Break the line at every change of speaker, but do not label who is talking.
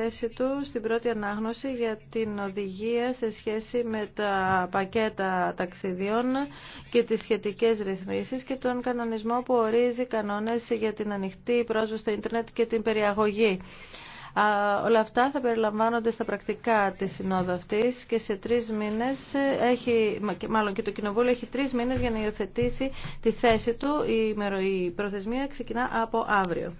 θέση του στην πρώτη ανάγνωση για την οδηγία σε σχέση με τα πακέτα ταξιδιών και τις σχετικές ρυθμίσεις και τον κανονισμό που ορίζει κανόνες για την ανοιχτή πρόσβαση στο ίντερνετ και την περιαγωγή. Όλα αυτά θα περιλαμβάνονται στα πρακτικά της συνόδου αυτής και σε τρεις μήνες έχει, μάλλον και το Κοινοβούλιο έχει τρεις μήνες για να υιοθετήσει τη θέση του. Η προθεσμία ξεκινά από αύριο.